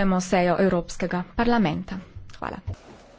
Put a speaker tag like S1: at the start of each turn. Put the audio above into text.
S1: sklepujemo sejo Evropskega parlamenta. Hvala.